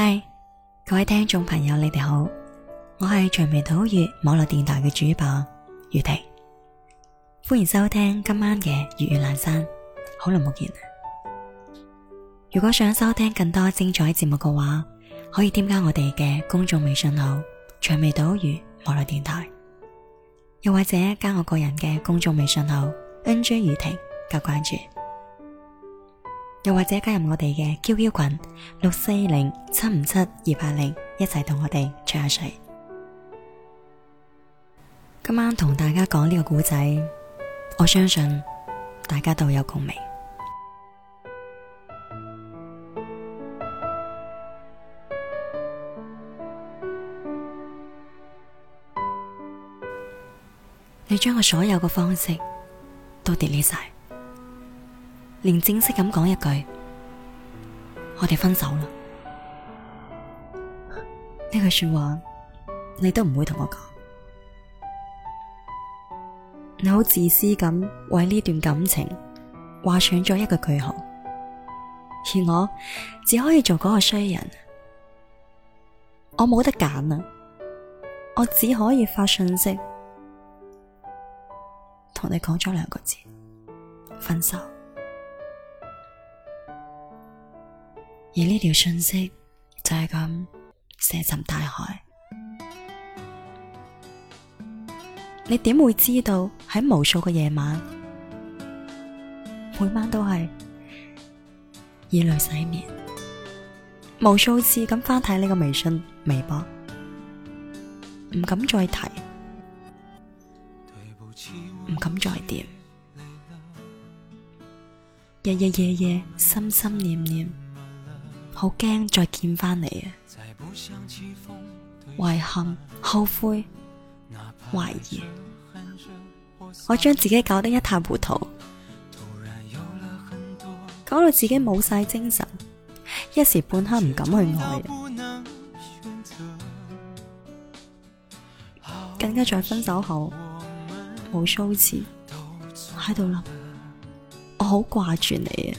嗨、hey，各位聽眾朋友，你哋好，我係長眉島嶼網絡電台嘅主播雨婷，歡迎收聽今晚嘅粵語闌珊，好耐冇見了。如果想收聽更多精彩節目嘅話，可以添加我哋嘅公眾微信號長眉島嶼網絡電台，又或者加我個人嘅公眾微信號 N J 雨婷加關注。又或者加入我哋嘅 QQ 群六四零七五七二八零，一齊同我哋吹下水。今晚同大家講呢個故仔，我相信大家都有共鳴。你將我所有嘅方式都 delete 晒。連正式咁講一句，我哋分手啦！呢句說話你都唔會同我講，你好自私咁為呢段感情畫上咗一個句號，而我只可以做嗰個衰人，我冇得揀啊！我只可以發信息同你講咗兩個字：分手。而呢條信息就係咁石沉大海。你點會知道喺無數個夜晚，每晚都係以淚洗面，無數次咁翻睇你個微信、微博，唔敢再提，唔敢再掂，日日夜夜心心念念。好驚再見翻你啊！遺憾、後悔、懷疑，我將自己搞得一塌糊塗，搞到自己冇晒精神，一時半刻唔敢去愛，更加在分手後無數次，喺度諗，我好掛住你啊！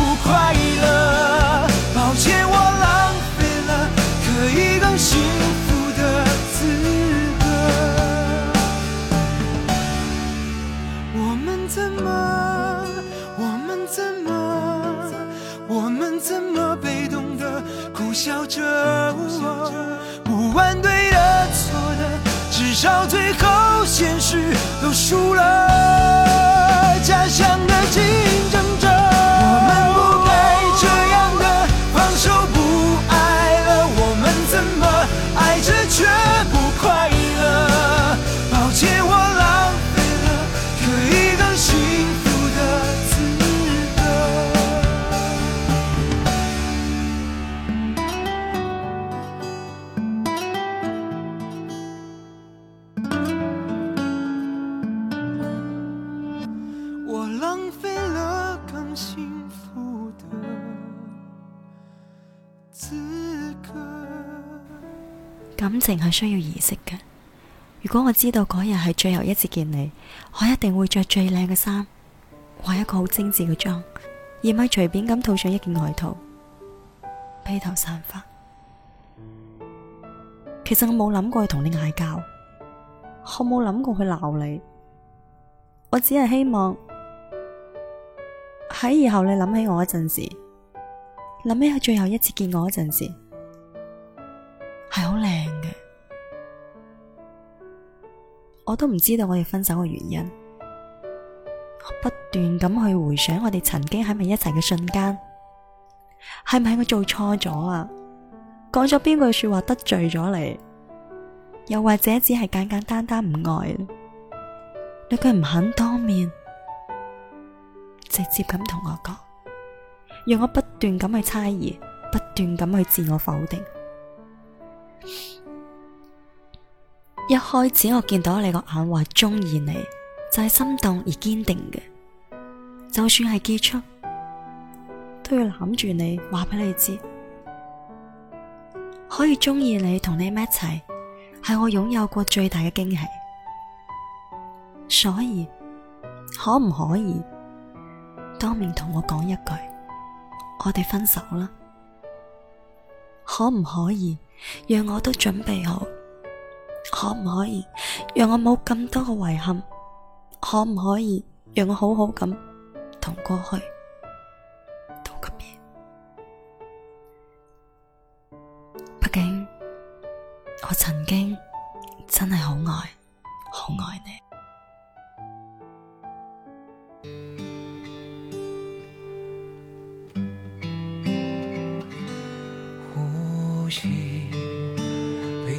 感情係需要儀式嘅。如果我知道嗰日係最後一次見你，我一定會着最靚嘅衫，畫一個好精致嘅妝，而唔係隨便咁套上一件外套，披頭散髮。其實我冇諗過去同你嗌交，我冇諗過去鬧你。我只係希望喺以後你諗起我嗰陣時，諗起佢最後一次見我嗰陣時，係好靚。我都唔知道我哋分手嘅原因，我不斷咁去回想我哋曾經喺咪一齊嘅瞬間，係咪我做錯咗啊？講咗邊句說話得罪咗你？又或者只係簡簡單單唔愛你，佢唔肯當面直接咁同我講，讓我不斷咁去猜疑，不斷咁去自我否定。一開始我見到你個眼話中意你，就係心動而堅定嘅。就算係結束，都要攬住你話俾你知，可以中意你同你一齊，係我擁有過最大嘅驚喜。所以，可唔可以當面同我講一句，我哋分手啦？可唔可以讓我都準備好？可唔可以讓我冇咁多嘅遺憾？可唔可以讓我好好咁同過去道個別？畢竟我曾經真係好愛，好愛你。